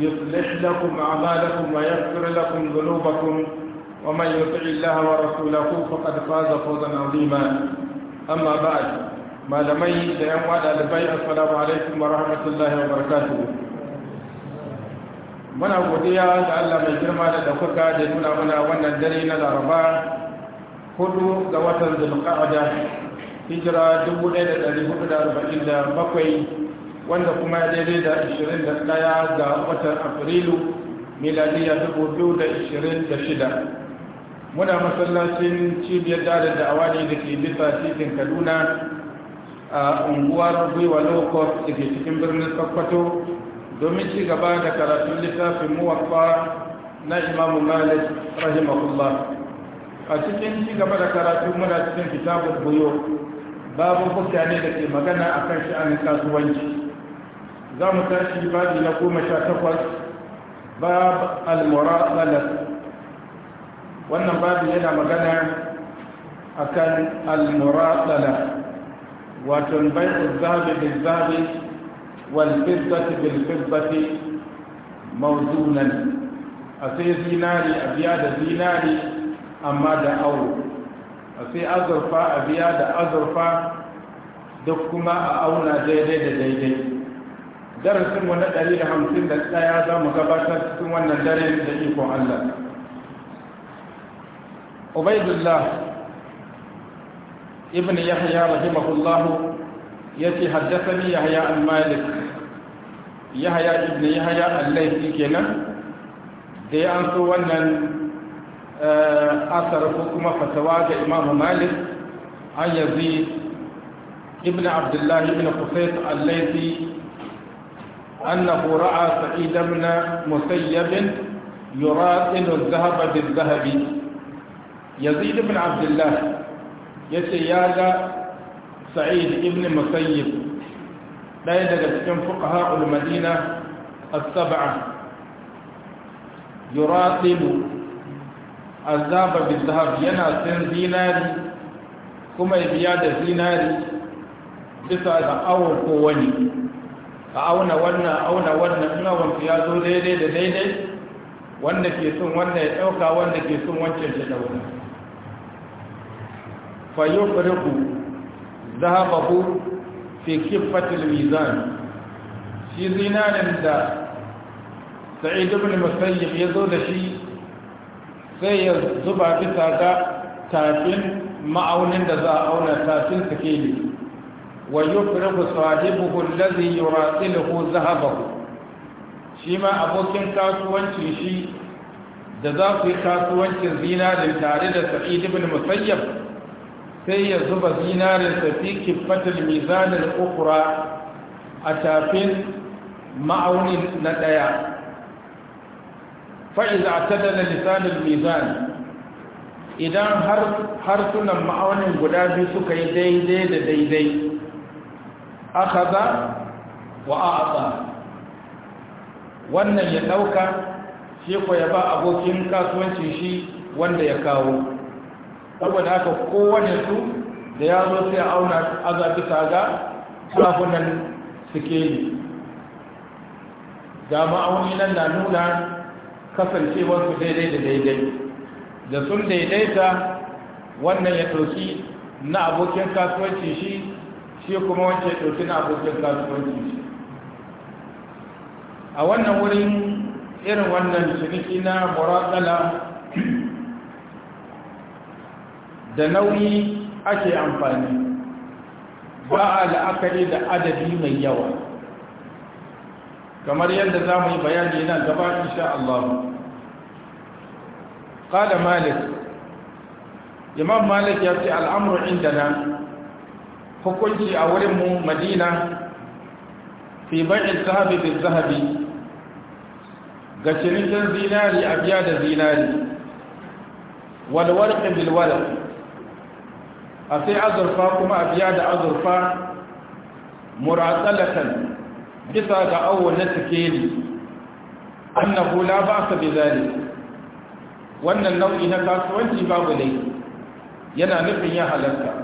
يصلح لكم أعمالكم ويغفر لكم ذنوبكم ومن يطع الله ورسوله فقد فاز فوزا عظيما أما بعد ما لم يجد أموال البيع السلام عليكم ورحمة الله وبركاته muna godiya da Allah mai girma da ɗaukaka da nuna mana wannan dare na laraba hudu ga watan zulqa'ada إلا بقي wanda kuma ya daidai da 21 ga watan afrilu miladiya 2026 muna masallacin cibiyar dada da awani da ke bisa titin kaduna a unguwar gwiwa lokos da ke cikin birnin sokoto domin ci gaba da karatun littafin muwaffa na imamu malik rahimahullah a cikin ci gaba da karatu muna cikin kitabun buyo babu mutane da ke magana akan sha'anin kasuwanci za mu tashi babi na goma sha takwas bab al-muraqalah wannan babi yana magana akan al-muraqalah wato bai'u zahabi bil zahabi wal fiddati bil fiddati mawzunan a sai zinari a biya da zinari amma da awo a sai azurfa a biya da azurfa duk kuma a auna daidai da daidai darasin wani ɗari da hamsin da ɗaya za mu gabatar cikin wannan dare da ikon Allah. Ubaidullah ibn Yahya rahimahullahu ya ce haddasani Yahya al-Malik Yahya ibn Yahya al-Laifi kenan da ya anso wannan eh, asar ko kuma fatawa ga Imam Malik an yazi ibn Abdullah ibn Qusayt al-Laifi أنه رأى سعيد بن مسيب يراطن الذهب بالذهب يزيد بن عبد الله يتياجى سعيد بن مسيب لا يدرس كم فقهاء المدينة السبعة يراطن الذهب بالذهب ينا سن ديناري كما يبيع ديناري bisa da awon ko wani ka auna wannan auna wannan ina wanda ya zo daidai da daidai wanda ke son wanda ya ɗauka wanda ke son wancan shi ɗauna za riku zahabahu fi kifatil mizan shi zinarin da sa'id ibn musayyib ya zo da shi sai ya zuba bisa ga tafin ma'aunin da za a auna tafin sakeli Wai yau ku rubuta waɗi buhunan lazinyawa silihu zahabar? Shi abokin kasuwanci shi da za ku yi zinarin tare da su ƙidubin musayyar? Sai ya zuba zinarin tafi-kifatilin misalin okra a tafen ma'aunin na ɗaya. Fa'ida a tallala lissanin misalin. Idan har harsunan ma'aunin guda biyu suka yi daidai da daidai. akhadha wa a'ta wannan ya dauka shi ko ya ba abokin kasuwanci shi wanda ya kawo saboda haka kowane su da ya zo sai auna azabi ga kafunan sikeli ga ma'auni nan na nuna kasancewarsu daidai da daidai da sun daidaita wannan ya ɗauki na abokin kasuwanci shi shi kuma wancan ɗauki na abokin kasuwanci a wannan wurin irin wannan ciniki na muratsala da nauyi ake amfani ba a la'akari da adadi mai yawa kamar yadda za mu yi bayani nan gaba insha Allah قال مالك إمام مالك يأتي الأمر عندنا hukunci a wurin mu madina fi bai'in zahabi bin zahabi ga cinikin zinari a biya da zinari walwarƙin bilwalar a sai azurfa kuma a biya da azurfa muratsalatan bisa ga awo na sikeli annahu la ba su wannan nau'i na kasuwanci babu ne yana nufin ya halarta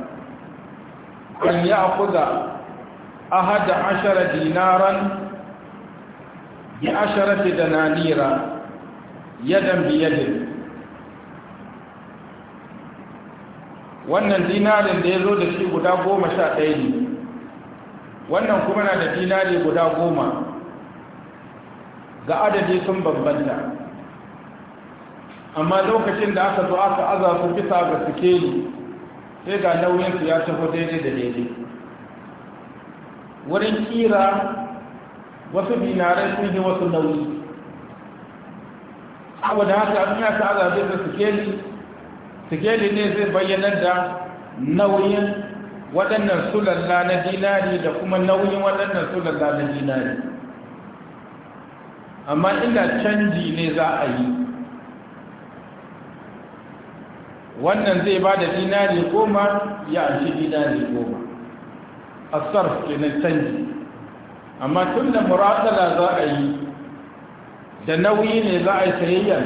an ya'khudha ahad 10 dinaran bi 10 dananira yadan bi yadin wannan dinarin da ya zo da shi guda goma sha ɗaya ne wannan kuma na da dinari guda goma ga adadi sun bambanta amma lokacin da aka zo aka aza su bisa ga sikeli sai ga nauyinsu ya taho daidai da daidai wurin kira wasu dinarai sun yi wasu nauyi saboda haka abin ya sa azabe da sikeli sikeli ne zai bayyana da nauyin waɗannan sulalla na dinari da kuma nauyin waɗannan sulalla na dinari amma ina canji ne za a yi wannan zai ba da dinari goma ya anshi dinari goma asar kenan canji amma tun da muratala za a yi da nauyi ne za a yi sayayyar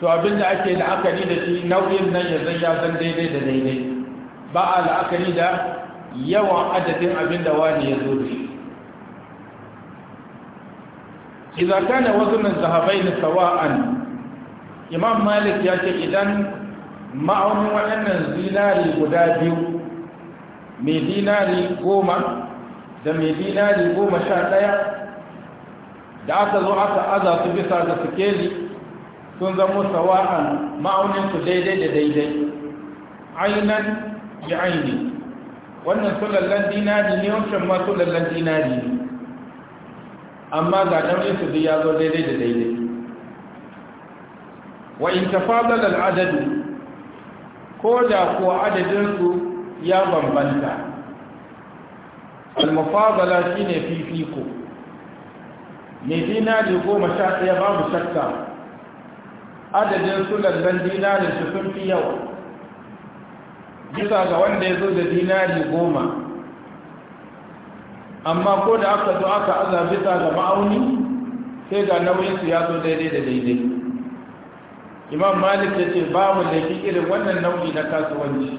to abinda ake la'akari da shi nauyin nan ya zai ya zan daidai da daidai ba a la'akari da yawan adadin abinda wani ya zo da shi idan kana wazunan zahabai na sawa'an imam malik ya ce idan ma'aunin waɗannan zinari guda biyu mai dinari goma da mai dinari goma sha ɗaya da aka zo aka aza su bisa ga sikeli sun zama sawa'an ma'auninsu daidai da daidai ainan ya aini wannan sulallan dinari ne wancan ma sulallan dinari ne amma ga ɗauninsu da ya zo daidai da daidai wa in tafadar al'adadu ko da kuwa adadinsu ya bambanta almufazala shine fifiko mai dinari goma sha ɗaya babu shakka adadin su lallan dinarin su sun fi yawa bisa ga wanda ya zo da dinari goma amma ko da aka zo aka aza bisa ga ma'auni sai ga nauyinsu ya zo daidai da daidai imam malik ya ce babu laifin irin wannan nau'i na kasuwanci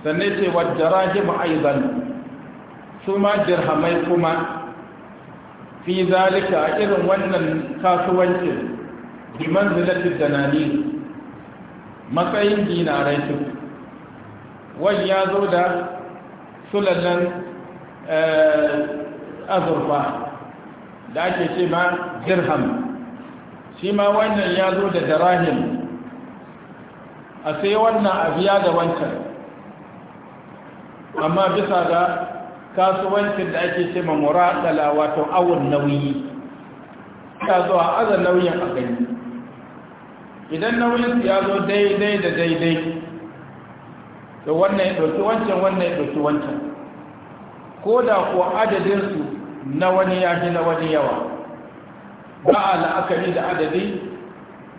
sannan ce wa darahim aizan su ma dirhamai kuma fi zalika a irin wannan kasuwancin bi manzilatin danani matsayin dinarai su wani ya zo da sulallan eh, azurfa da ake ce ma dirham shi ma wannan ya zo da darahim a sai wannan abu ya da wancan amma bisa ga kasuwancin da ake ce ma muradala wato awon nauyi zo a aza nauyin a gani idan nauyin ya zo daidai da daidai da wannan ya ɗauki wancan wannan ya ɗauki wancan ko da kuwa adadinsu na wani ya na wani yawa ba a la'akari da adadi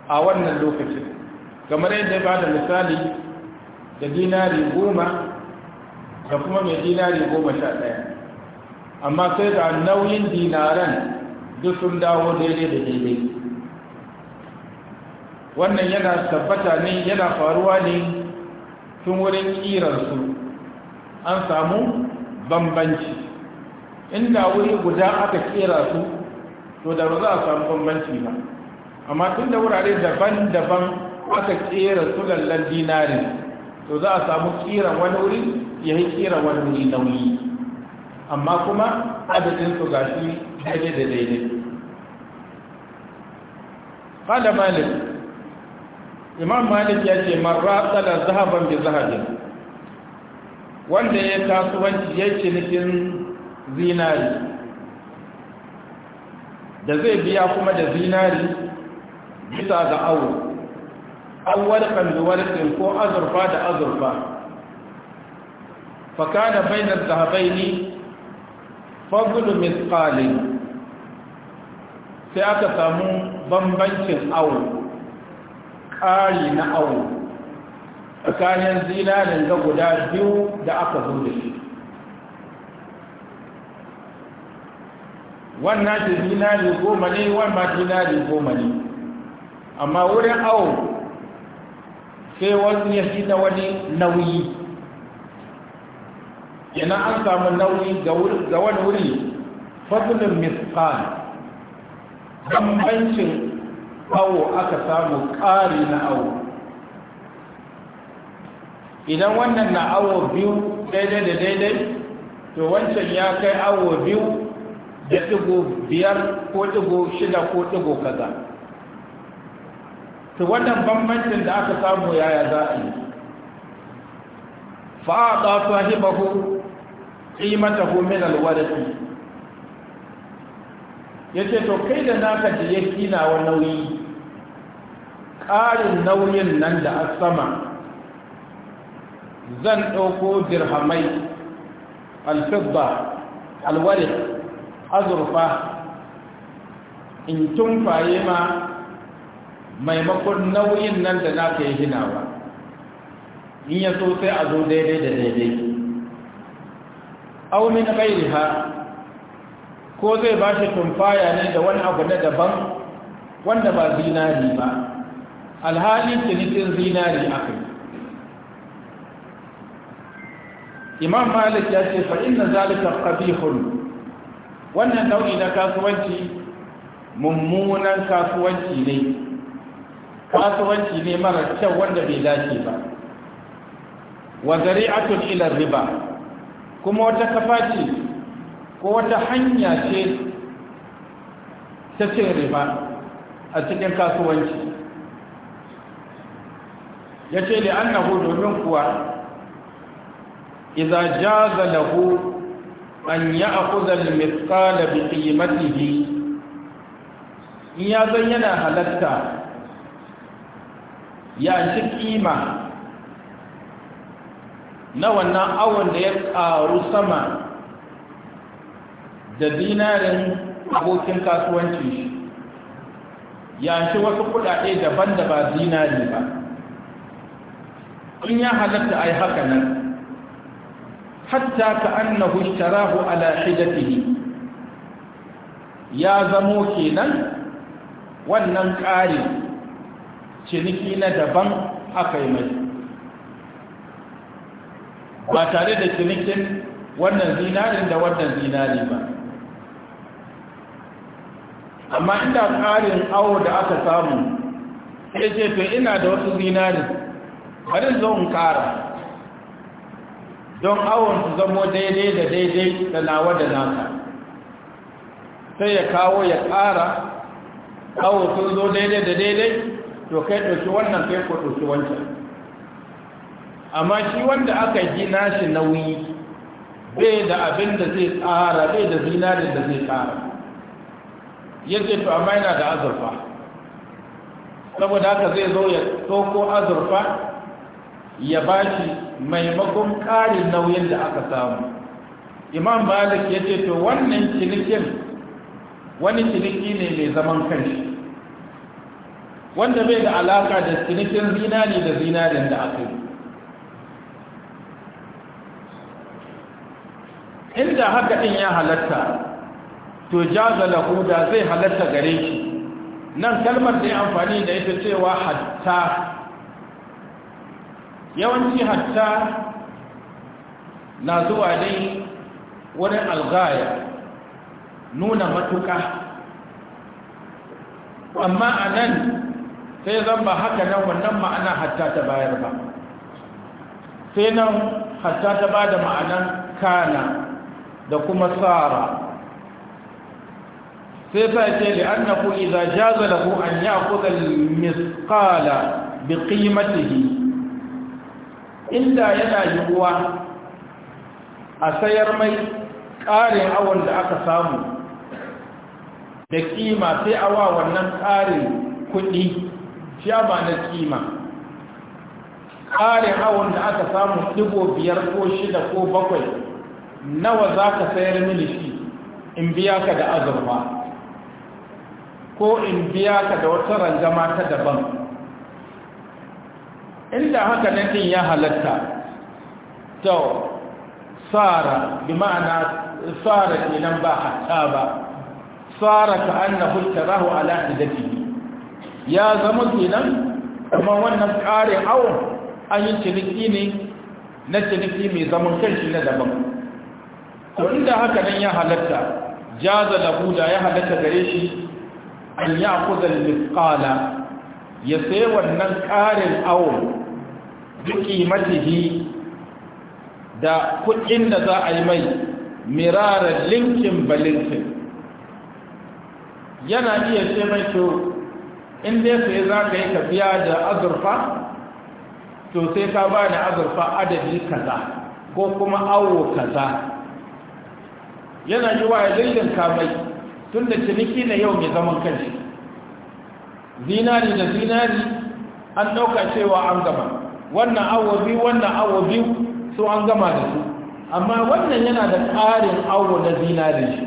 a wannan lokacin kamar yadda ba da misali da dinari goma da kuma mai dinari goma sha ɗaya amma sai da nauyin dinaren duk sun dawo daidai da daidai wannan yana tabbata ne yana faruwa ne tun wurin ƙirarsu an samu bambanci inda wuri guda aka ƙera su to da ba za a samu bambanci ba amma tun da wurare daban-daban aka kera su lallan dinari to za a samu kiran wani wuri ya yi kiran wani wuri nauyi amma kuma adadin su shi daidai da daidai kada malik imam malik ya ce marra tsada zahaban bi zahabin wanda ya kasuwanci ya cinikin zinari da zai biya kuma da zinari bisa ga awo an warkan ko azurfa da azurfa da bainar zahabai ne fagulu miskalin sai aka samu bambancin awo ƙari na awo tsakanin zinarin ga guda biyu da aka zo da shi wannan ta dinari goma ne wannan dinari goma ne amma wurin awo sai wani ya fi da wani nauyi yana an samu nauyi ga wani wuri fadlin miskan bambancin awo aka samu ƙari na awo idan wannan na awo biyu daidai da daidai to wancan ya kai awo biyu da ɗigo biyar ko ɗigo shida ko ɗigo kaza to wannan bambancin da aka samu yaya za a yi fa'aɗa sahibahu ƙimatahu min ya ce to kai da naka da ya kinawa nauyi ƙarin nauyin nan da asama. zan ɗauko dirhamai alfibba alwaris azurfa in tumfaye ma maimakon nauyin nan da na ka yi hinawa in ya so sai a zo daidai da daidai na bai ha, ko zai ba shi tumfaya ne da wani abu na daban wanda ba zinari ba alhali cinikin zinari aka imam malik ya ce fa'in na zalika ƙabihun wannan nau'i na kasuwanci mummunan kasuwanci ne kasuwanci ne mara kyau wanda bai dace ba wa zari'atu ila riba kuma wata kafa ce ko wata hanya ce ta cin riba a cikin kasuwanci ya ce li'annahu domin kuwa iza jaza lahu an ya akuza al-mithqala in ya zan yana halatta ya ci kima na wannan awon da ya ƙaru sama da dinarin abokin kasuwanci shi ci wasu kuɗaɗe daban da ba dinari ba in ya halatta a yi haka nan حتى ka اشتراه على حجته يا ya zamo kenan wannan ƙari ciniki na daban aka yi mai ba tare da cinikin wannan zinarin da wannan zinari ba amma inda ƙarin awo da aka samu ya ce to ina da wasu zinarin bari zo in ƙara don awon su zamo daidai da daidai da nawa da naka sai ya kawo ya ƙara awo sun zo daidai da daidai to kai ɗauki wannan kai ko ɗauki wancan amma shi wanda aka ji nashi nauyi bai da abin da zai tsara bai da zinarin da zai tsara. Ya ce to amma yana da azurfa saboda haka zai zo ya toko azurfa ya ba shi maimakon ƙarin nauyin da aka samu imam malik ya ce to wannan cinikin wani ciniki ne mai zaman kanshi wanda bai da alaka da cinikin zinari da zinarin da aka yi inda haka ɗin ya halatta to jaza lahu zai halatta gare shi nan kalmar da ya amfani da ita cewa hatta yawanci hatta na zuwa dai wurin algaya nuna matuka amma a nan sai zan ba haka nan wannan ma'ana hatta ta bayar ba sai nan hatta ta ba da ma'anan kana da kuma tsara sai sa ce da annahu idza jaza ku an ya'khudha al misƙala bi qimatihi inda yana yiwuwa a sayar mai ƙarin awon da aka samu da kima sai awa wannan ƙarin kuɗi shi ba na kima ƙarin awon da aka samu ɗigo biyar ko shida ko bakwai nawa za ka sayar mini shi in biya ka da azurfa ko in biya ka da wata rangama ta daban inda haka nan din ya halatta to sara bi ma'ana sara kenan ba hatta ba sara ka annahu tarahu ala idatihi ya zama kenan kuma wannan ƙarin awon an yi ciniki ne na ciniki mai zaman kanshi na daban to inda haka nan ya halatta jaza da buda ya halatta gare shi an ya kuzar misƙala ya sai wannan ƙarin awon matihi da kuɗin da za a yi mai mirarar linkin balinkin yana iya ce mai to in dai sai za ka yi tafiya da azurfa to sai ka ba ni azurfa adadi kaza ko kuma awo kaza yana yi wa dalilin kamai tun da ciniki na yau mai zaman kanshi zinari da zinari an ɗauka cewa an gama wannan awa biyu wannan awa biyu su an gama da su amma wannan yana da ƙarin awo na zinari shi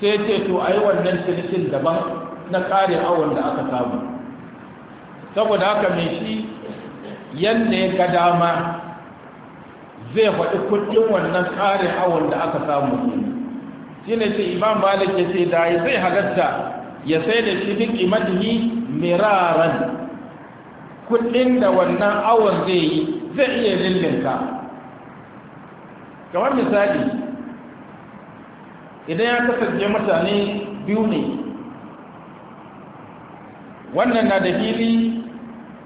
sai ce to a yi wannan cinikin daban na ƙarin awon da aka samu saboda haka mai shi yadda ya ga dama zai faɗi kudin wannan ƙarin awon da aka samu shi ne ce imam malik ya ce da zai halatta ya sai da shi duk imadihi miraran kudin da wannan awon zai yi zai iya lillinka kamar misali idan ya kasance mutane biyu ne wannan na da fili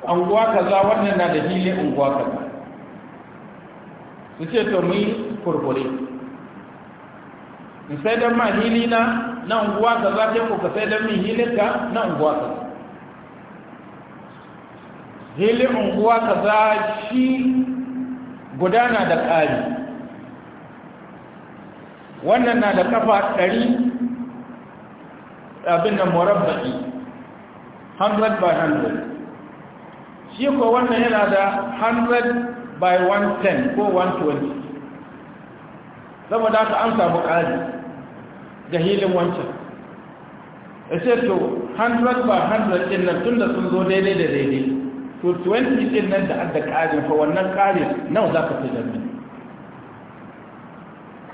unguwa kaza wannan na da fili unguwa kaza su ce to mu yi kurkure in sai don ma hili na na unguwa kaza ke ku ka sai don min hilinka na unguwa kaza hili unguwa kaza shi gudana da ƙari wannan na da kafa ɗari abin da murabba'i 100 by 100 shi ko wannan yana da 100 by 110 ko 120 saboda haka an samu ƙari da hilin wancan ya ce to 100 by 100 ɗin nan tun da sun zo daidai da daidai to 20 din nan da adda ƙarin fa wannan ƙarin nawa za ka fi jami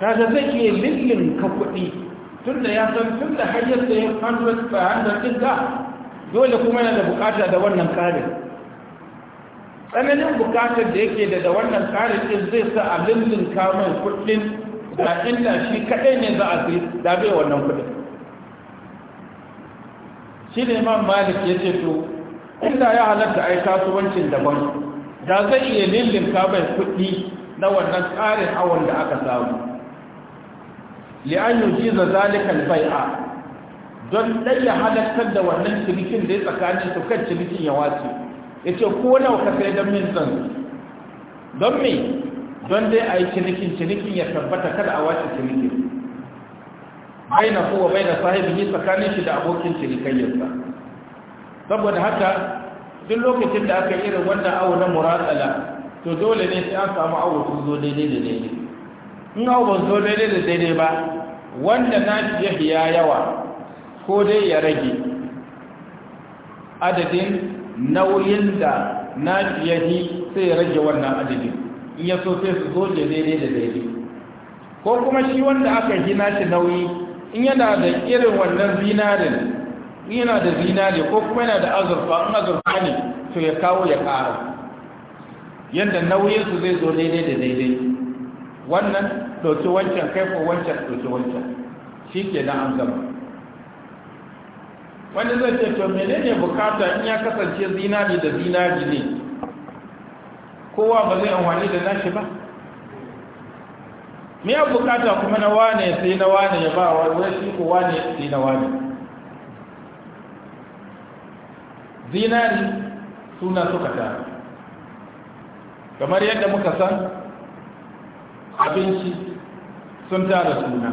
kaga zai iya lillin ka kuɗi tun da ya san tun da har yadda ya 100 da 100 din da dole kuma yana da buƙata da wannan ƙarin tsananin buƙatar da yake da da wannan ƙarin ɗin zai sa a lillin kamun kuɗin da inda shi kaɗai ne za a da bai wannan kuɗin shi ne man malik ya ce to inda ya halatta a yi kasuwancin daban da zai iya lillinka bai kuɗi na wannan tsarin awon da aka samu li'ayyun jiza zalikal bai'a don ɗaya ya da wannan cinikin da ya tsakanin su kan cinikin ya wace ya ce ko nawa ka sai don min zan don me don dai a yi cinikin cinikin ya tabbata kada a wace cinikin bai na kowa bai na sahibi tsakanin shi da abokin cinikayyarsa saboda haka duk lokacin da aka irin wannan awo na muratsala to dole ne sai an samu awo sun zo daidai da daidai in awo ban zo daidai da daidai ba wanda na shi ya yawa ko dai ya rage adadin nauyin da na shi sai ya rage wannan adadin in ya so sai su zo daidai da daidai ko kuma shi wanda aka yi nashi nauyi in yana da irin wannan zinarin yana da zinare ko kuma yana da azurfa in azurfa ne to ya kawo ya ƙara yadda nauyinsu zai zo daidai da daidai wannan ɗauki wancan kai ko wancan ɗauki wancan shi ke na an gama wani zai ce to ne bukata in ya kasance zinari da zinari ne kowa ba zai amfani da nashi ba me ya bukata kuma na wane sai na wane ya ba wa wai shi ko wane sai na wane zinari suna suka tara kamar yadda muka san abinci sun tara suna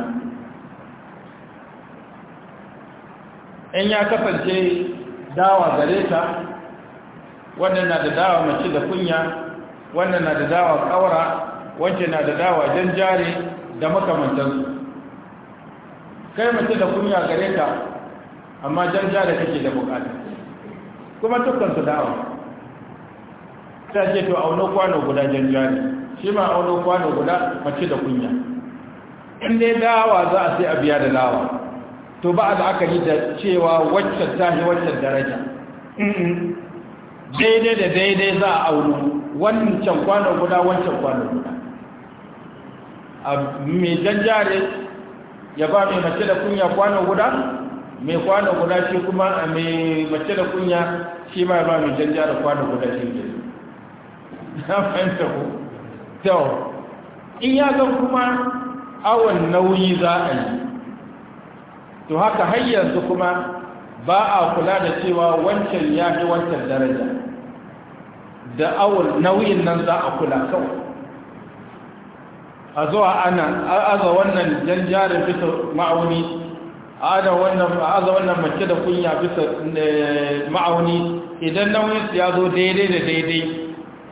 in ya kasance dawa gare ta wannan na da dawa mace da kunya wannan na da dawa kawara wancan na da dawa jan jari da makamantansu kai mace da kunya gare ta amma jan jari kake da bukata kuma dukkan su dawa ta ce to auno kwano guda janjani shi ma auno kwano guda mace da kunya in dai dawa za a sai a biya da dawa to ba da aka yi da cewa waccan tahi waccan daraja daidai da daidai za a auno wancan kwano guda wancan kwano guda a mai janjare ya ba mai mace da kunya kwano guda mai kwana guda shi kuma a mai mace da kunya shi ma ba mai janja da kwana guda shi ne na fahimta ku to in ya ga kuma awon nauyi za a yi to haka har yanzu kuma ba a kula da cewa wancan ya fi wancan daraja da awon nauyin nan za a kula kawai a zuwa ana aza wannan janjarin fito ma'auni ada wannan ma'aza wannan mace da kunya bisa eh, ma'auni idan nauyin ya zo daidai da daidai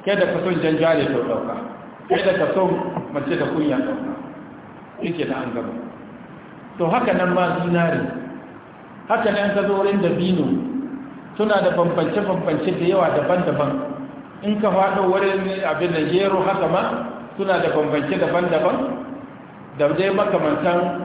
kada ka son jan to dauka kada ka son mace da kunya dauka yake da an gaba to haka nan ma zinari haka nan ka zo wurin da bino suna da bambance bambance da yawa daban-daban in ka faɗo wurin abin da jero haka ma suna da bambance daban-daban da dai makamantan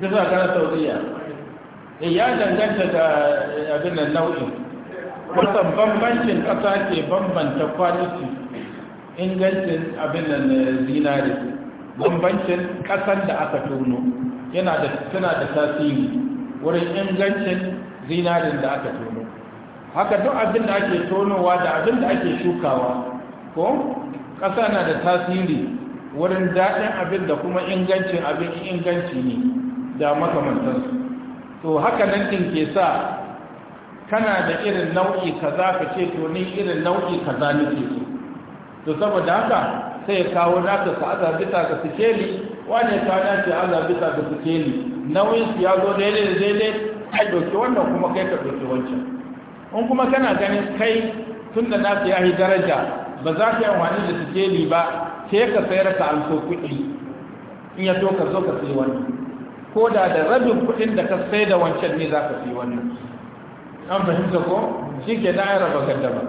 da za ka sauriya eh, ya danganta da eh, abin nan nau'in wasan bambancin ƙasa ke bambanta kwaliti ingancin abin nan eh, zinari bambancin ƙasar da aka tono yana da tana da tasiri wurin ingancin zinarin da aka tono haka duk abin da ake tonowa da abin da ake shukawa ko ƙasa na da tasiri wurin daɗin abin da kuma ingancin abin inganci ne da makamantansu to haka nan ɗin ke sa kana da irin nau'i kaza ka ce to ni irin nau'i kaza ke so to saboda haka sai ya kawo naka ka aza bisa ga sikeli wane ka na ce aza bisa ga sikeli nauyin su ya zo daidai da daidai kai doki wannan kuma kai ka doki wancan in kuma kana ganin kai tun da nasu ya yi daraja ba za ka yi amfani da sikeli ba sai ka sayar ka an so kuɗi in ya to ka zo ka sai wannan ko da da rabin kuɗin da ka sai da wancan ne za ka sai wannan an fahimta ko shi ke na yara ba ganda ba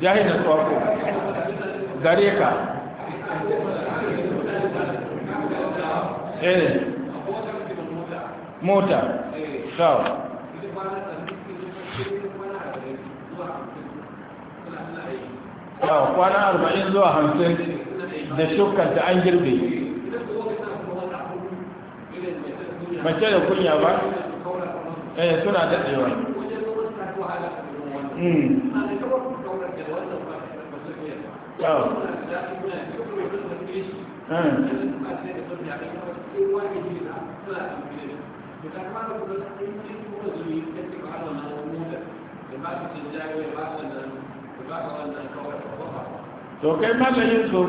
ya yi na tsoko gare ka eh mota shawo kwana arba'in zuwa hamsin da shukanta an girbe mace da kunya ba eh suna daɗewa hmm. to kai malamin su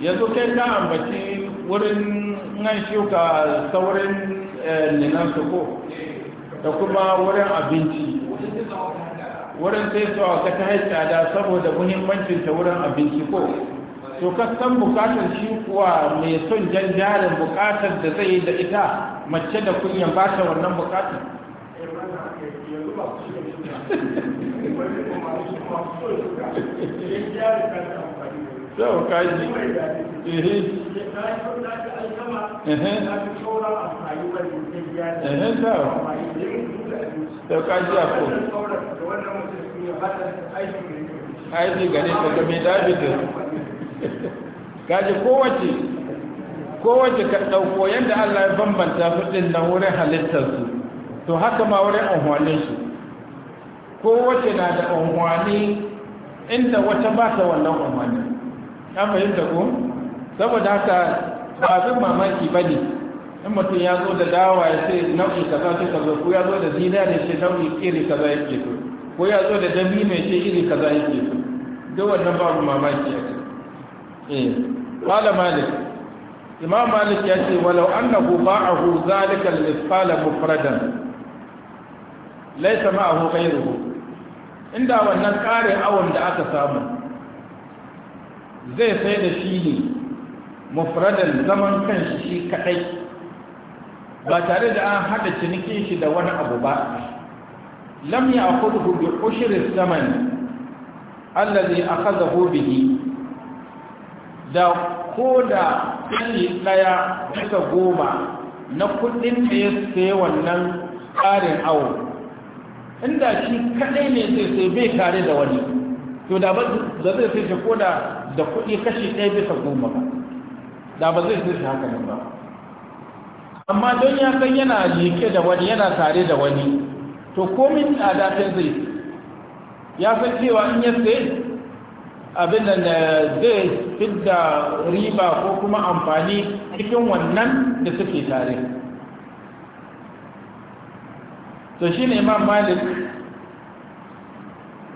yanzu kai ta ambaci wurin nan shuka saurin linan eh, su ko da kuma wurin abinci wurin sai su a ta haita saboda muhimmancin ta wurin abinci ko to san bukatar shi kuwa mai son jan jarin bukatar da zai yi da ita mace da kunyan ba ta wannan bukatar Yau kaji. Yau kaji a Aiki gane ka mai David. Kaji kowace kowace ka ɗauko yadda Allah ya bambanta fitin na wurin halittarsu. to haka ma wurin unhwanin su wacce na da unhwani inda wata ba ta wannan unhwani ya fahimta ko saboda haka ba zan mamaki ba ne in mutum ya zo da dawa ya ce nau'i kaza ce kaza ko ya zo da zinari ya ce nau'i iri kaza yake so ko ya zo da dabi ne ce iri kaza yake so duk wannan babu mamaki a ciki eh malik imam malik ya ce walau annahu ba'ahu zalika al-misqala mufradan laisa ma'ahu ghayruhu inda wannan ƙarin awon da aka samu zai sai da shi ne mufradan zaman kanshi shi kadai ba tare da an hada cinikin shi da wani abu ba lam ya'khudhu bi ushri thamani allazi akhadahu bihi da koda kudi daya bisa goma na kudin da ya sayi wannan ƙarin awo inda shi kadai ne sai sai bai tare da wani to da ba da zai sai shi ko da da kuɗi kashi ɗaya bisa goma ba da ba zai sai shi haka nan ba amma don ya san yana jike da wani yana tare da wani to komin tsada ta zai ya san cewa in ya sai abin da eh, zai fidda riba ko kuma amfani cikin wannan da suke tare to shi ne imam malik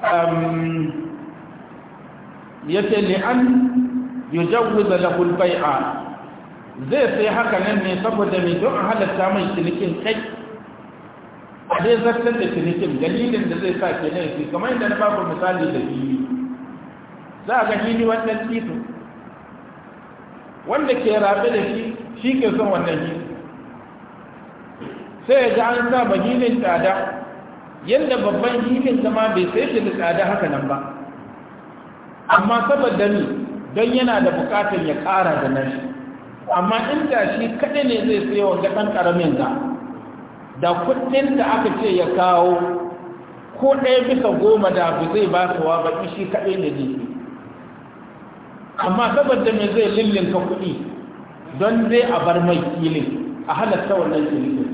um, ya ce an yi jawuza lahul a. zai sai haka nan ne saboda mai don halatta mai cinikin kai a dai zartar da cinikin dalilin da zai sa ke nan shi. kamar yadda na babu misali da fili za a ga fili wannan titin wanda ke rabe da shi shi ke son wannan fili sai ya ji an sa ba hilin tsada yadda babban hilin zama bai sai shi da tsada haka nan ba amma saboda ni don yana da bukatar ya kara da nashi amma in ta shi kaɗai ne zai sai wa ƙaramin ga da kuɗin da aka ce ya kawo ko ɗaya bisa goma da abu zai ba su wa baƙi shi kaɗai ne ne amma saboda me zai lullunka kuɗi don zai a bar mai filin a halatta wannan filin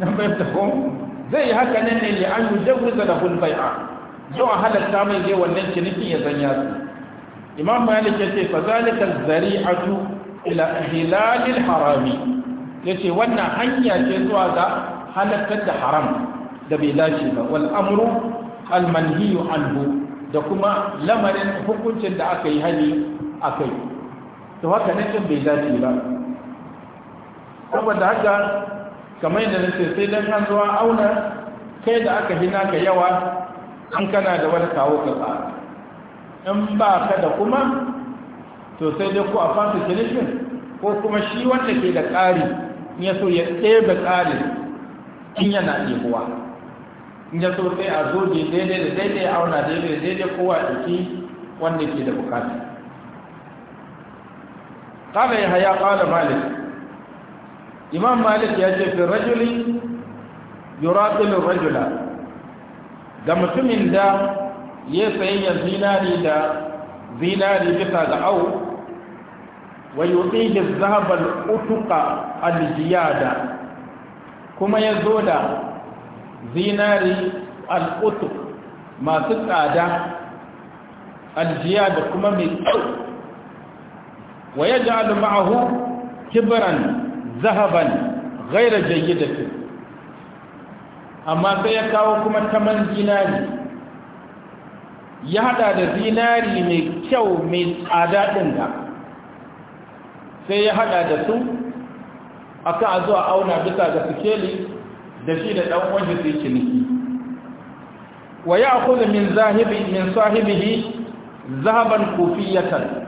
na fahimta ko zai yi haka nan ne li an yujawiza da hulbai'a don a halatta mai zai wannan cinikin ya zanya su imam malik ya ce fa zalika zari'atu ila hilalil harami ya ce wannan hanya ce zuwa ga halakar da haram da bai lashe ba wal amru al manhiyu anhu da kuma lamarin hukuncin da aka yi hali kai. to haka nan bai dace ba saboda haka kamar yadda na ce sai dan hanzuwa auna kai da aka hina ka yawa an kana da wani kawo ka tsara in ba ka da kuma to sai dai ku a fasa cinikin ko kuma shi wanda ke da tsari ya so ya ɗebe tsarin in yana ɗebuwa in ya so sai a zo daidai da daidai auna daidai da daidai kowa ciki wanda ke da bukata قال يحيى قال مالك imam malik ya ce fi rajuli yuraqil rajula da mutumin da ya sayayya zinari da zinari bisa ga au wa yutihi zahabal zahabar utuka al'jiyada. kuma ya zo da zinari al-utuq masu tsada al kuma mai kyau wa yaj'alu ma'ahu kibran zahaban gaira jayyidatu amma sai ya kawo kuma taman zinari ya hada da zinari mai kyau mai tsada ɗin sai ya hada da su aka a zuwa auna bisa ga sikeli da shi da ɗan wajen su ciniki wa ya akuzu min sahibihi zahaban kufiyatan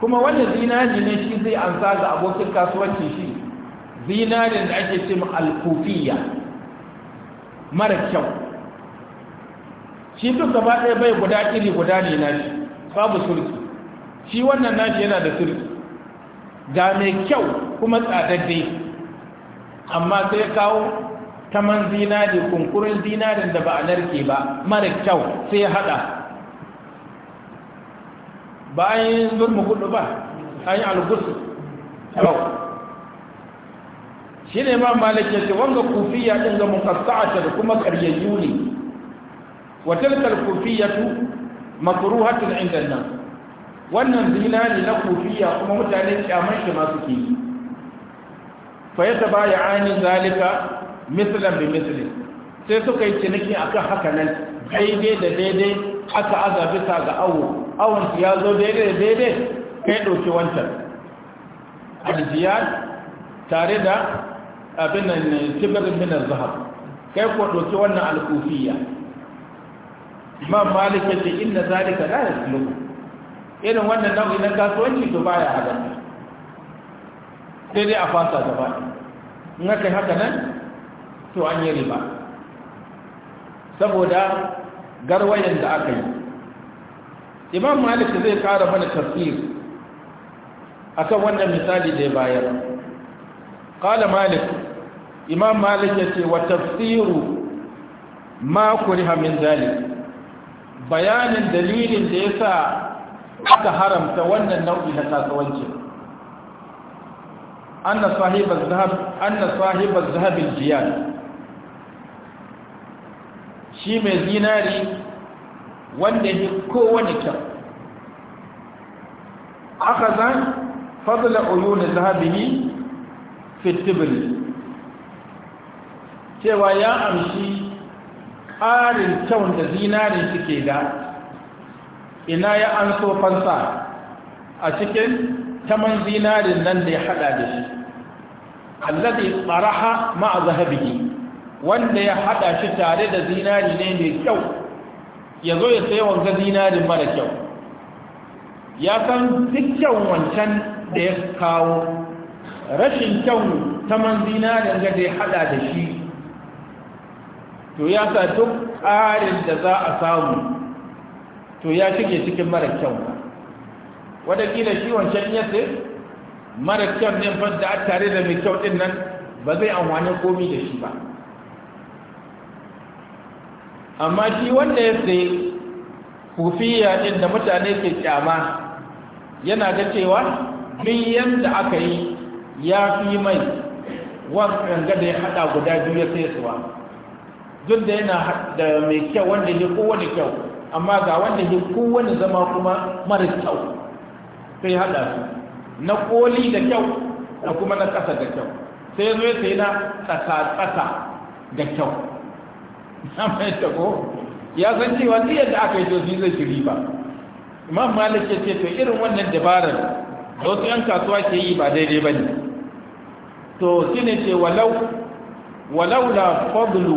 kuma wannan zinari ne shi zai ansa ga abokin kasuwanci shi zinarin da ake cin alkufiya mara kyau shi duk gaba ɗaya bai guda iri guda ne na shi babu sulki shi wannan nashi yana da sulki ga mai kyau kuma tsadadde amma sai ya kawo taman zinari kunkurin zinarin da ba a narke ba mara kyau sai ya haɗa ba an yi kudu ba an yi algusu yau shi ne ma malik ce wanga kufiya ɗin ga munkasta'ata da kuma karyayyu ne wa tilkal kufiyatu makruhatun inda nan wannan zinari na kufiya kuma mutane kyaman shi masu ke yi fa ya taba ya ani zalika mislan bi mislin sai suka yi ciniki akan haka nan daidai da daidai aka aza bisa ga awo awon ya zo daidai daidai kai ɗauki wancan aljiyar tare da abin nan tibar minar zahar. kai ko ɗauki wannan alkufiya imam malik ya ce inna zalika la yasluku irin wannan nau'i na kasuwanci to baya halatta sai dai a fasa gaba in aka haka nan to an yi riba saboda garwayen da aka yi imam malik zai kara mana tafsir akan wannan misali da bayar qala malik imam malik yace wa tafsiru ma kuriha min zalik bayanin dalilin da yasa aka haramta wannan nau'i na kasuwanci anna az zahab anna az zahab al-jiyan shi mai zinari wanda ya kowane kyau أخذ فضل عيون ذهبه في cewa ya amshi ƙarin kyau da zinari suke da ina ya an so fansa a cikin taman zinarin nan da ya hada da shi alladi tsaraha ma'a zahabihi wanda ya hada shi tare da zinari ne mai kyau ya zo ya sayi wanga zinarin mara kyau ya san duk kyan wancan da ya kawo rashin kyan taman zinarin da ya hada da shi to ya sa duk ƙarin da za a samu to ya shige cikin mara kyau wadakila shi wancan ya ce mara kyau ne fadda a tare da mai kyau ɗin nan ba zai amfani komi da shi ba amma shi wanda ya ce kufiya ɗin da mutane ke kyama yana ga cewa min yadda aka yi ya fi mai wankan gada ya hada guda biyu ya sai suwa duk da yana da mai kyau wanda ya kowane kyau amma ga wanda ya kowane zama kuma mara kyau sai hada su na koli da kyau da kuma na ƙasa da kyau sai zo ya sai na tsaka-tsaka da kyau na mai tako ya san cewa zai yadda aka yi to zai shiri ba imam malik ya ce to irin wannan dabarar da wasu yan kasuwa ke yi ba daidai ba ne to shi ne ce walau walau la fadlu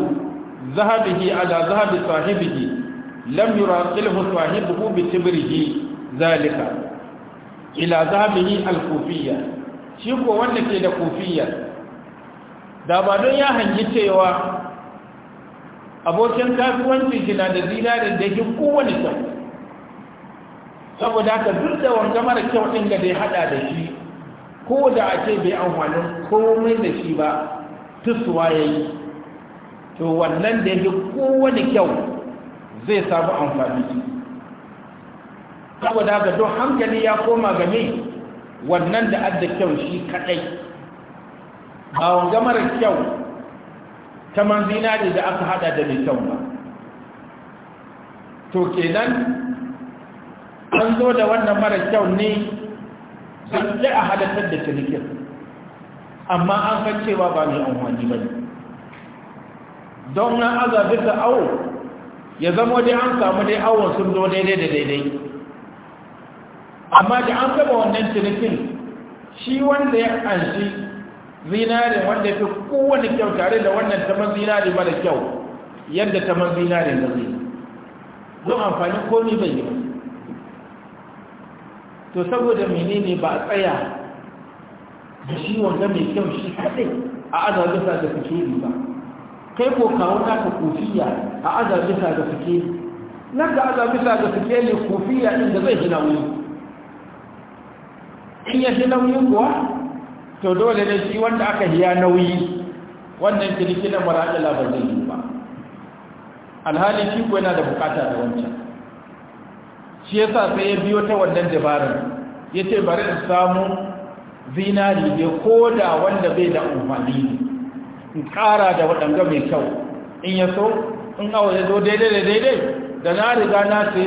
zahabihi ala zahabi sahibihi lam yuraqilhu sahibuhu bi tibrihi zalika ila zahabihi al-kufiyya shi ko wanda ke da kufiya da ba don ya hangi cewa abokin kasuwanci shi na da zinarin da yake kowane kyau saboda haka duk da wanga mara kyau ɗin ga dai haɗa da shi ko da a ce bai amfani komai da shi ba tusuwa ya yi to wannan da ya kowane kyau zai samu amfani shi saboda haka don hankali ya koma game wannan da adda kyau shi kaɗai ba wanga mara kyau ta ne da aka haɗa da mai kyau ba to kenan an zo da wannan mara kyau ne don da a halittar da cinikin amma an san cewa ba mai amfani ba ne don na azabi da awo ya zama dai an samu dai awon sun zo daidai da daidai amma da an gaba wannan cinikin shi wanda ya anshi zinari wanda fi kowane kyau tare da wannan taman zinari mara kyau yadda taman zinari na zai don amfani komi bai yi ba to saboda menene ba a tsaya da shi wanda mai kyau shi kaɗai a azabisa da yi ba kai ko kawo naka kofiya a azabisa da fikiri nan da azabisa da ne kofiya ɗin da zai hina nauyi. in ya fi wuri kuwa to dole ne shi wanda aka hiya nauyi wannan kirki na mara'ila ba zai yi ba alhali shi ko yana da bukata da wancan shi sa sai ya biyo ta wannan dabarar ya ce bari in samu zinari ne ko da wanda bai da umarni ne in kara da waɗanga mai kyau in ya so in awa ya zo daidai da daidai da na riga na ce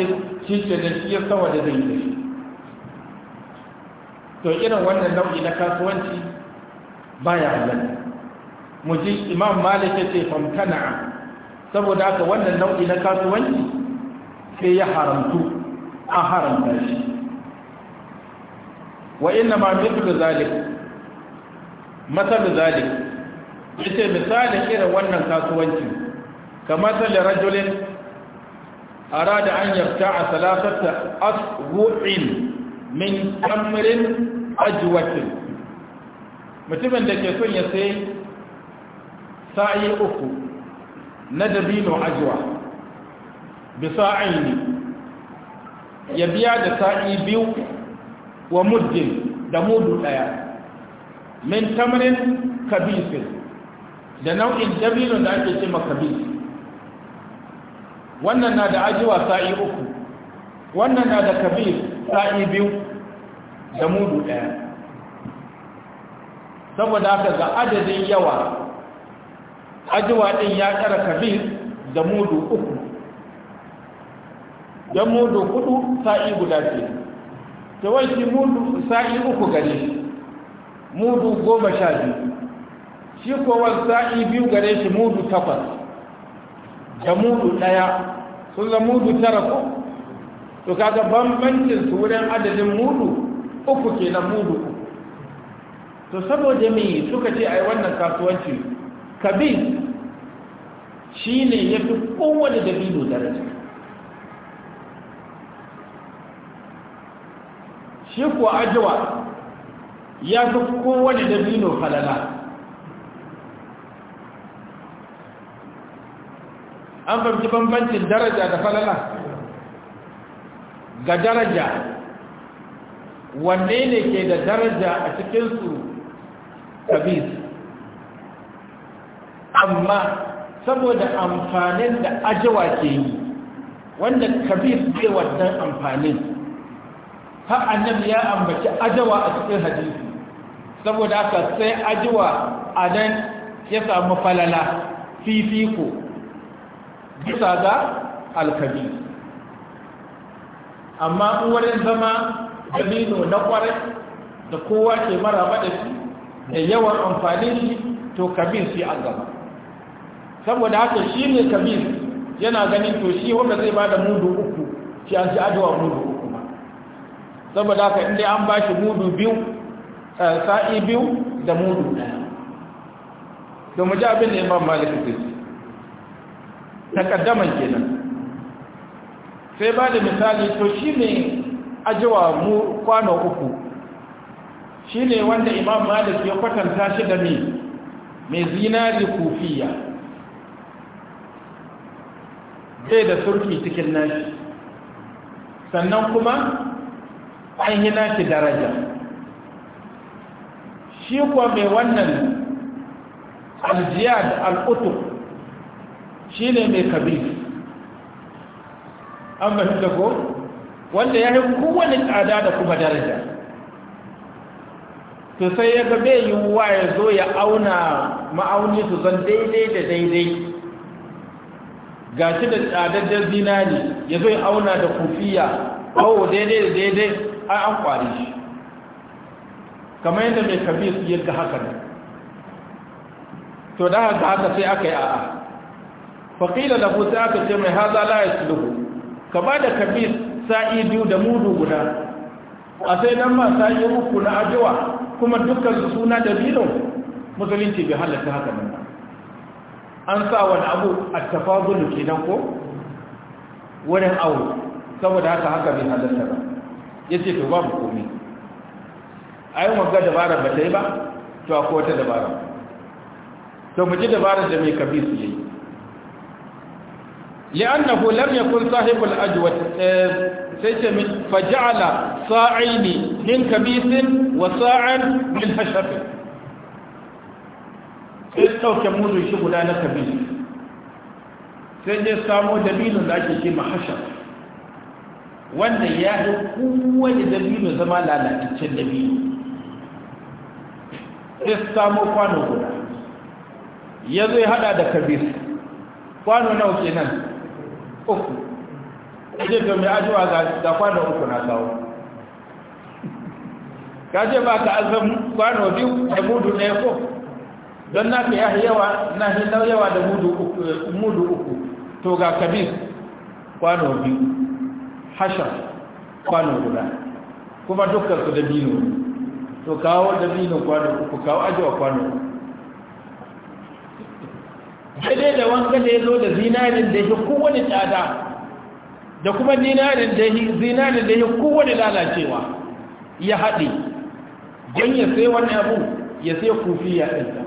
shi ce da shi ya sama da zai yi to irin wannan nau'i na kasuwanci baya halatta mu ji imam malik ya ce famtana saboda haka wannan nau'i na kasuwanci sai ya haramtu an haramta shi wa inna ma mithlu zalik mathal zalik yace misalin irin wannan kasuwanci kamar da rajulin arada an a salasata asbu'in min tamrin ajwatin mutumin da ke son ya sai sa'i uku na dabino ajwa bi sa'aini ya biya da sa'i biyu wa muddin da mudu ɗaya min tamarin kabisin da nau'in dabino da ake cima kabis wannan na da ajiwa sa'i uku wannan na da kabis sa'i biyu da mudu ɗaya saboda haka ga adadin yawa ajiwa ɗin ya ƙara kabis da mudu uku don mudu kudu sa'i guda ce ta wanki mudu sa'i uku gare shi mudu goma sha biyu shi kowar sa'i biyu gare shi mudu takwas da mudu ɗaya sun zama mudu tara ko to kaga bambancin su wurin adadin mudu uku ke na mudu to saboda me suka ce ai wannan kasuwanci kabin shi ne ya fi kowane dabino daraja shi kuwa ajiwa ya fi kowane dabino falala an fahimci bambancin daraja da falala ga daraja wanne ne ke da daraja a cikinsu kabis amma saboda amfanin da ajiwa ke yi wanda kabir zai wannan amfanin har annabi ya ambaci ajawa a cikin hadisi saboda haka sai ajawa a nan ya samu falala fifiko bisa ga alkabi amma wurin zama dalilo na kwarai da kowa ke mara da da yawan amfani to kabin shi an gaba saboda haka shi ne kabir yana ganin to shi wanda zai ba da mudu uku shi an ji ajiwa mudu saboda haka inda an ba shi mudu biyu eh, sa'i biyu da mudu da mu ji abin da imam malik zai takaddaman kenan sai ba da misali to shi ne ajiwa mu kwano uku shi ne wanda imam malik ya kwatanta shi da mai mai zinari kufiya bai da surki cikin nashi sannan kuma an hina shi daraja shi kuwa mai wannan aljiyar al'utu shi ne mai kabir an fahimta ko wanda ya yi kowane tsada da kuma daraja to sai ya gabe wa ya zo ya auna ma'auni su zan daidai da daidai ga shi da tsadadar zinari ya zo ya auna da kufiya awo oh, daidai da daidai ai an kware shi kamar yadda mai kabir ya ga haka ne to da haka haka sai aka yi a'a faƙila da ku sai aka ce mai haza la ya sulhu ka ba da kabir sa'i biyu da mudu guda a sai nan ma sa'i uku na ajiwa kuma dukkan su suna da bino musulunci bai halatta haka nan an sa wani abu a tafazulu kenan ko wurin awu saboda haka haka bai halatta ba ya ce to babu komi a yi wanga dabara ba ta yi ba to akwai wata dabara to mu ji dabarar da mai kabi su yi li'annahu lam yakun sahibul ajwad eh, sai ce min faj'ala ne min kabisin wa sa'an min hashafi sai dauke mudu shi guda na kabis sai je samo dabino da ake ce mahashaf wannan ya fi kowane dabino zama lalataccen dabino sai su samo kwano guda ya zai hada da kabir kwano nawa nan uku je ga mai ajiwa ga kwano uku na tsawo ka je ba ka azam kwano biyu da mudu na yako don na ka yawa na hinau yawa da mudu uku to ga kabir kwano biyu hashar kwanon guda kuma dukkan su da to kawo da bino kwanon ku kawo ajiwa kwanon daidai da wanka da ya zo da zinarin da ya kowane tsada da kuma zinarin da ya kowane lalacewa ya haɗe don ya sai wani abu ya sai kufi ya ɗanta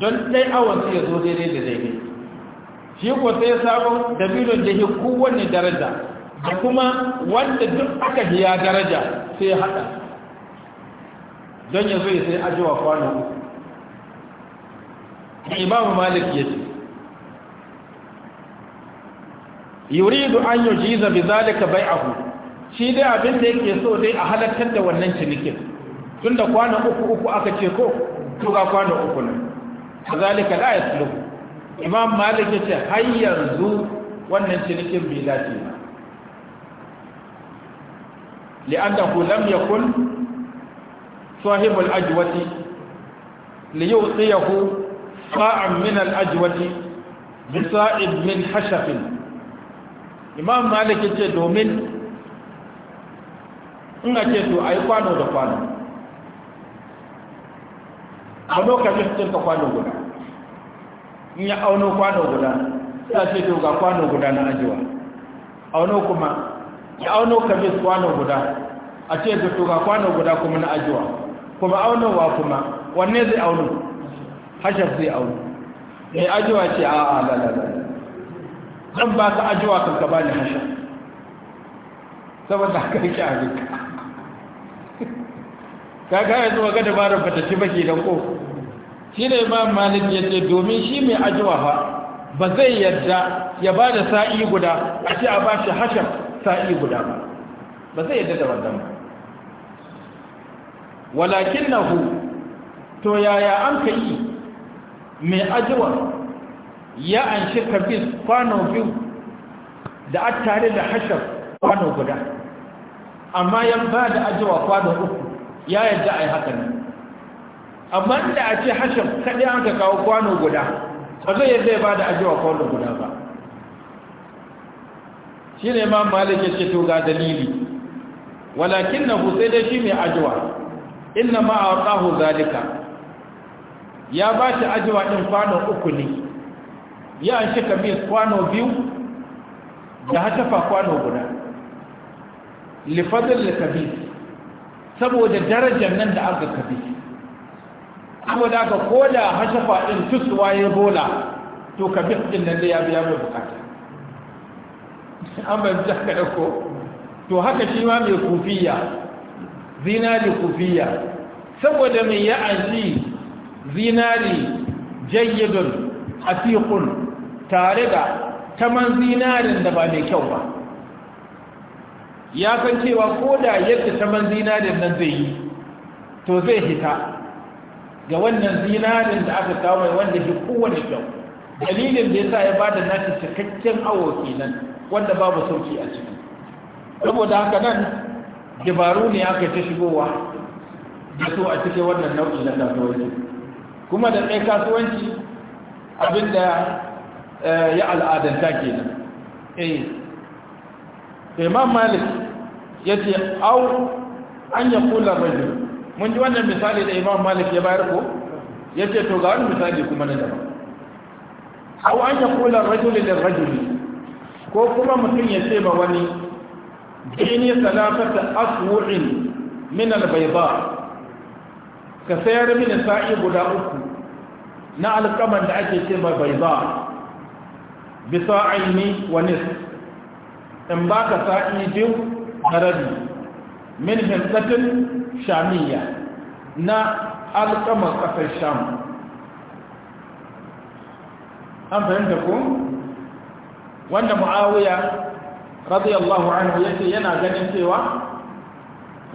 don ɗai awon su ya zo daidai da daidai shi ko sai sabon dabilon da ya kowanne daraja da kuma wanda duk aka biya daraja sai hada. haɗa don ya zo ya sai ajiwa kwano imamu malik ya ce yuridu an yi jiza bi zalika bai abu shi dai abin da yake so dai a halattar da wannan cinikin tun da kwano uku uku aka ce ko tuga kwano uku ne zalika la ya imam malik yace har yanzu wannan cinikin bai dace ba li'annahu lam yakun sahibul ajwati li yu'tiyahu sa'an min al ajwati bi sa'id min hashaf imam malik yace ce domin in a ce to a kwano da kwano a lokacin ka kwano guda in ya auno kwano guda sai ce to ga kwano guda na ajiwa auno kuma ya auno kamis kwano guda a ce to ga kwano guda kuma na ajiwa kuma aunowa kuma wanne zai auno hashar zai auno mai ajiwa ce a a lalala zan ba ka ajiwa kan ka bani hashar saboda haka yake abin ka ga yanzu ga dabarar ba baki don ko shi ne imam malik ya domin shi mai ajiwa ba zai yadda ya ba da sa'i guda a ce a ba shi hashar sa'i guda ba ba zai yadda da wannan ba walakin na hu to yaya an ka yi mai ajiwa ya an shi kabis kwano biyu da a tare da hashar kwano guda amma yan ba da ajiwa kwano uku ya yadda a yi haka amma da a ce hashim kaɗai an ka kawo kwano guda ba zai yadda ya ba da ajiwa kwano guda ba shi ne ma malik ya ce to ga dalili walakin na sai dai shi ne ajiwa inna ma a ƙahu zalika ya ba shi ajiwa ɗin kwano uku ne ya an shi kamis kwano biyu da hatafa kwano guda lifadar da kamis saboda darajar nan da aka kamis saboda ka koda hashafa din tusuwa ya bola to ka bi din nan da ya biya mai bukata amma ban ka ko to haka shi ma mai kufiya zinari kufiya saboda mai ya anji zinari jayyidun afiqun tare da taman zinarin da ba mai kyau ba ya san cewa ko da yadda taman zinarin nan zai yi to zai hita ga wannan zinarin da aka kawo mai wanda shi kowane kyau dalilin da ya sa ya bada nashi cikakken awo kenan wanda babu sauki a ciki saboda haka nan dabaru ne aka ta shigowa da so a cikin wannan nau'i na kasuwanci kuma da tsaye kasuwanci abinda eh, ya al'adanta kenan eh imam malik ya ce au an ya kula mun ji wannan misali da imam malik ya bayar ko ya ce to ga wani misali kuma na daban hau an ya kula rajuli da rajuli ko kuma mutum ya ce ba wani jini salafata aswu'in min albayda ka sayar mini sa'i guda uku na alkaman da ake ce ma bayda bisa aini wa nis in ba ka sa'i biyu na rabi min himsatin shamiya na alƙamar ƙasar sham an fahimta ku wanda mu'awiya radiyallahu anhu yace yana ganin cewa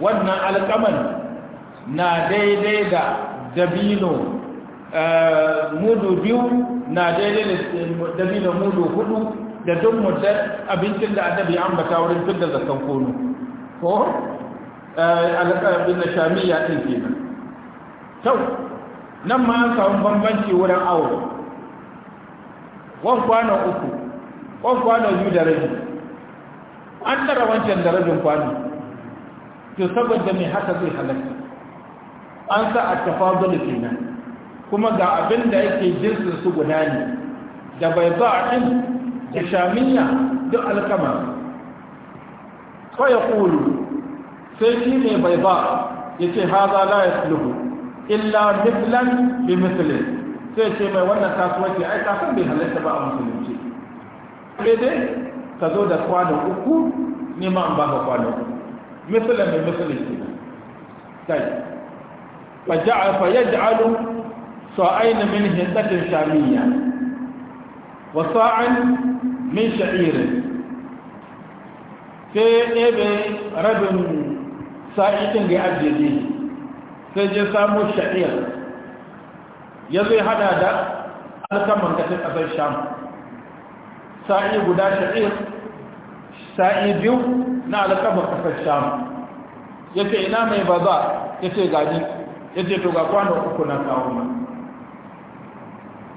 wannan alkaman na daidai da dabino eh, mudu biyu na daidai da dabino mudu hudu da duk mutar abincin da annabi ambata wurin fitar da zakan kono ko Eh, alƙabin eh, na shamiya ɗin kenan kyau nan ma an samu bambanci wurin awo wan kwano uku wan kwano biyu da rabi an tara wancan da rabin kwano to saboda mai haka zai halatta an sa a tafadul kenan kuma ga abin da yake jinsin su guda ne da bai ba ɗin da shamiya duk alkama fa kulu sai shi ne bai ba ya ce haza la ya sulubu illa mislan bi mislin sai ce mai wannan kasuwanci ai kafin bai halatta ba a musulunci sai dai ka zo da kwano uku ni ma an ba ka kwano uku mislan bi mislin ke kai fa ja'a fa yaj'alu sa'ayn min hindatin shamiyya wa sa'an min sha'irin sai ɗebe rabin sa’iƙin da ya ajiye sai je samu sha'iyar. ya zai hada da alkaman kasar ƙasar sham sa'i guda sha'iyar, sa'i biyu na alkaman ƙasar sham ya ce ina mai za ya ce gaji ya ce to ga kwano uku na kawo ma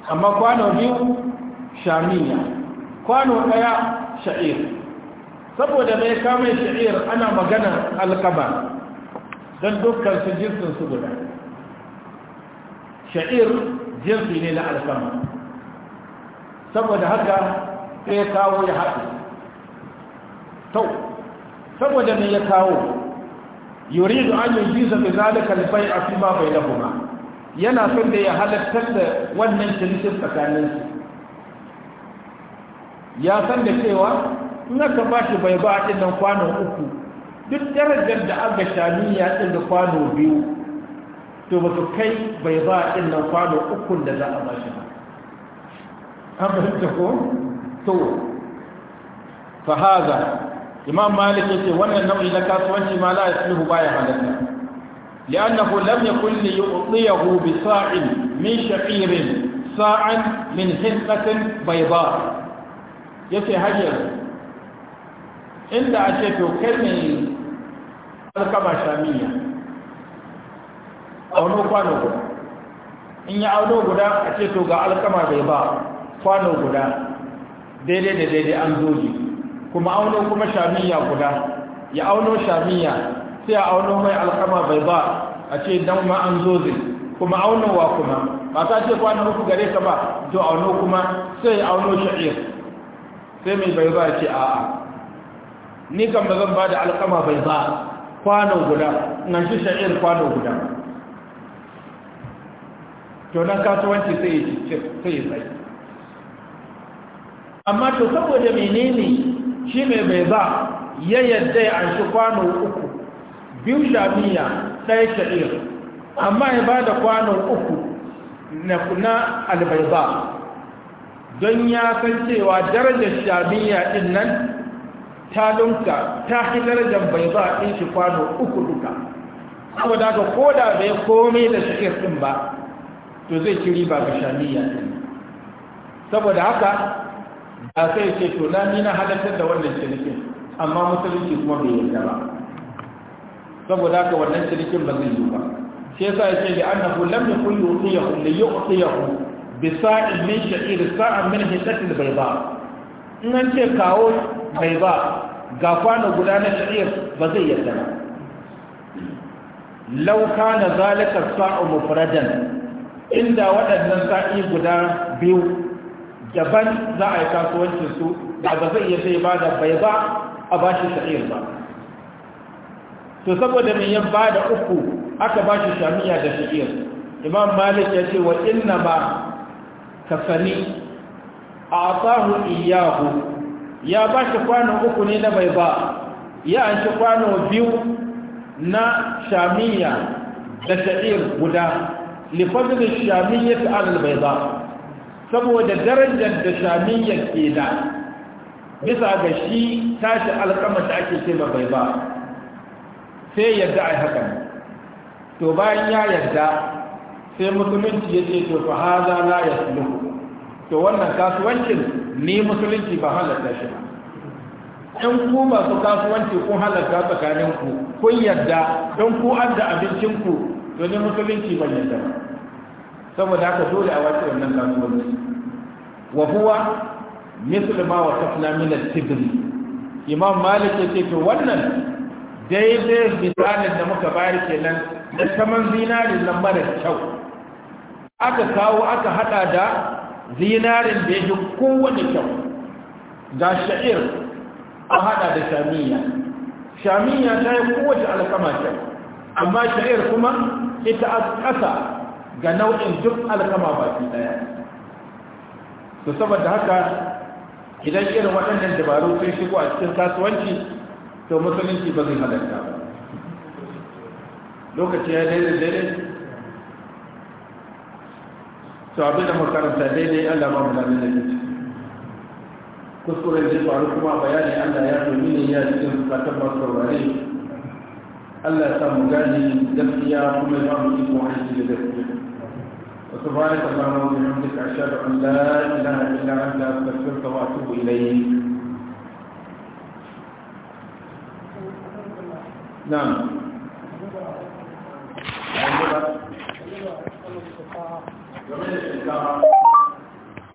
amma kwano biyu shamiya kwano ɗaya sha’iyar saboda mai kame sha'iyar ana magana alkama don dukkan su jinsin su guda sha'ir jinsi ne na alfama. saboda haka ya kawo ya haɗu to saboda ne ya kawo yuridu an yi jisa bi zalika albai a fi ma bai lahuma yana son da ya halattar da wannan cinikin tsakanin su ya san da cewa in aka ba shi bai ba a kwano uku duk darajar da aka shani ya ɗin da kwano biyu to ba su kai bai ba a ɗin nan kwano ukun da za a ba shi ba an fahimta ko? to fahaza imam malik ya ce wannan nau'i na kasuwanci ma la yaslihu baya halatta li'annahu lam yakun li yu'tiyahu bi sa'in min shaqirin sa'an min hindatin bayda yace har yanzu inda a ce to kai ne alkama shamiya auno kwano guda in ya auno guda a ce to ga alkama bai ba kwano guda daidai da daidai an zoji kuma auno kuma shamiya guda ya auno shamiya sai a auno mai alkama bai ba a ce dan ma an zoji kuma auno wa kuma ba ta ce kwano uku gare ka ba to auno kuma sai auno sha'ir sai mai bai ba ce a'a ni kam ba zan ba da alkama bai ba kwanon guda nan shi sha'ir kwanon guda to nan kasuwanci sai yi cikin sai tsaye amma to saboda menene shi mai mai za ya yadda ya anshi kwano uku biyu shamiya ɗaya sha'ir amma ya ba da kwano uku na albaiza don ya san cewa darajar shamiya ɗin nan ta dunka ta fi darajar bai za a ɗin shi kwano uku duka saboda haka ko da bai komai da suke ɗin ba to zai ci riba ga shaniya saboda haka ba sai ce to na ni na halartar da wannan cinikin amma musulunci kuma bai yarda ba saboda haka wannan cinikin ba zai yi ba shi yasa ya ce da annahu lam yakun yuqiyahu li yuqiyahu bi sa'in min sha'ir sa'an min hisatil bayda in an ce kawo bayda ga kwano guda na sha'ir ba zai yarda ba law kana zalika sa'u mufradan inda waɗannan sa'i guda biyu daban za a yi kasuwancin su da ba zai ba da bai ba a ba shi ba to saboda mai ya ba da uku aka ba shi shamiya da sha'ir imam malik ya ce wa inna ba kasani a asahu iyahu ya ba shi kwano uku ne na bai ba ya an shi kwano biyu na shamiya da sha'ir guda lifadin shamiya ta alal bai ba saboda darajar da shamiya ke da bisa ga shi tashi alkama da ake ce bai ba sai yadda a hakan to bayan ya yarda sai musulunci ya ce to fa haza la yasluhu to wannan kasuwancin ni musulunci ba halatta shi ba in ku masu kasuwanci kun halatta tsakanin ku kun yadda in ku an da abincin ku to ni musulunci ban yadda ba saboda haka dole a wace wannan kasuwanci wa huwa mislu ma wa tafna min al-tibri imam malik yace to wannan daidai misalin da muka bayar kenan da saman zinari lambar mara kyau aka kawo aka hada da zinarin da ya yake kowane kyau ga sha'ir a hada da shamiya shamiya ta yi kowace alkama kyau amma sha'ir kuma ita a ƙasa ga nau'in duk alkama baki daya to saboda haka idan irin waɗannan dabaru sun shigo a cikin kasuwanci to musulunci ba zai halarta ba lokaci ya daidai daidai سعبنا مكرم سعيدة ألا ما من الله كسر الجيب عليكم بيان ألا يا مني يا جن فتم صوري ألا تمجاني دفيا كل ما مكتوب عليك لدفيا وسبحانك اللهم وبحمدك أشهد أن لا إله إلا أنت أستغفرك وأتوب إليه نعم game da shinkafa